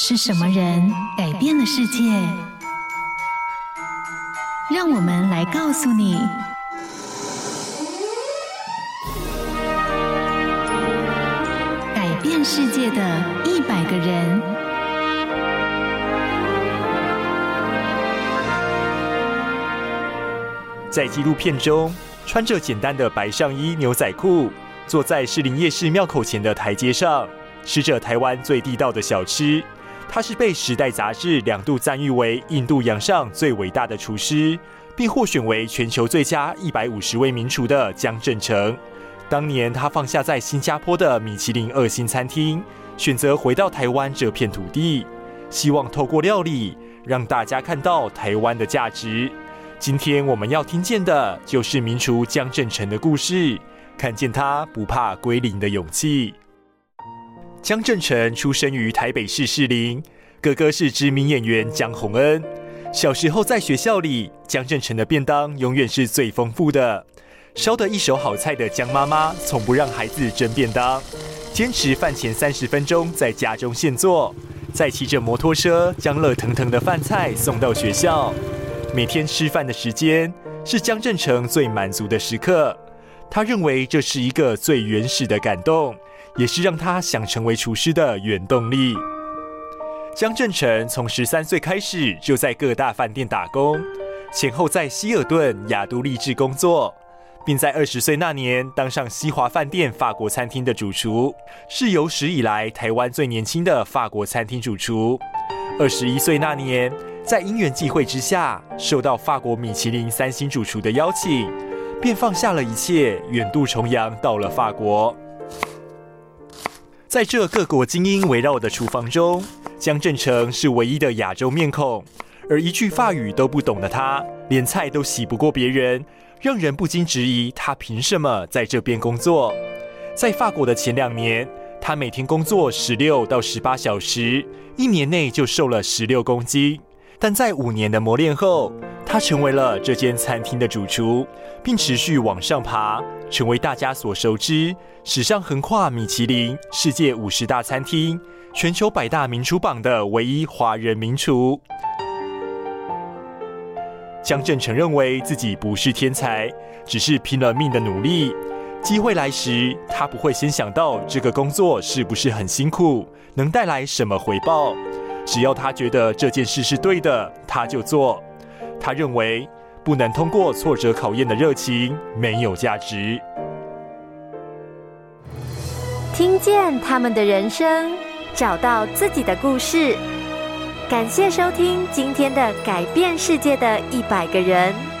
是什麼人改變了世界？讓我們來告訴你：改變世界的一百個人。在紀錄片中，穿着簡單的白上衣、牛仔褲，坐在士林夜市廟口前的台階上，吃着台灣最地道的小吃。他是被《時代》雜誌兩度讚譽為印度洋上最偉大的廚師，並獲選為全球最佳一百五十位名廚的江振誠。當年，他放下在新加坡的米其林二星餐廳，選擇回到台灣這片土地，希望透過料理讓大家看到台灣的價值。今天我們要聽見的就是名廚江振誠的故事，看見他不怕歸零的勇氣。江振誠出生於台北市士林，哥哥是知名演員江宏恩。小時候在學校裡，江振誠的便當永遠是最豐富的。燒得一手好菜的江媽媽，從不讓孩子蒸便當，堅持飯前三十分鐘在家中現做，再騎着摩托車將熱騰騰的飯菜送到學校。每天吃飯的時間是江振誠最滿足的時刻，他認為這是一個最原始的感動。也是讓他想成為廚師的原動力。江振誠從十三歲開始就在各大飯店打工，前後在希爾頓、亞都、立志工作，並在二十歲那年當上西華飯店法國餐廳的主廚，是有史以來台灣最年輕的法國餐廳主廚。二十一歲那年，在因緣際會之下，受到法國米其林三星主廚的邀請，便放下了一切，遠渡重洋到了法國。在這各國精英圍繞的廚房中，江振成是唯一的亞洲面孔，而一句法語都不懂的他，連菜都洗不過別人，讓人不禁質疑他憑什麼在這邊工作。在法國的前兩年，他每天工作十六到十八小時，一年內就瘦了十六公斤。但在五年的磨練後，他成為了這間餐廳的主廚，並持續往上爬，成為大家所熟知、史上橫跨米其林世界五十大餐廳、全球百大名廚榜的唯一華人名廚。江振誠認為自己不是天才，只是拼了命的努力。機會來時，他不會先想到這個工作是不是很辛苦，能帶來什麼回報。只要他覺得這件事是對的，他就做。他認為，不能通過挫折考驗的熱情沒有價值。聽見他們的人生，找到自己的故事。感謝收聽今天的改變世界的一百個人。